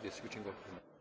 discuting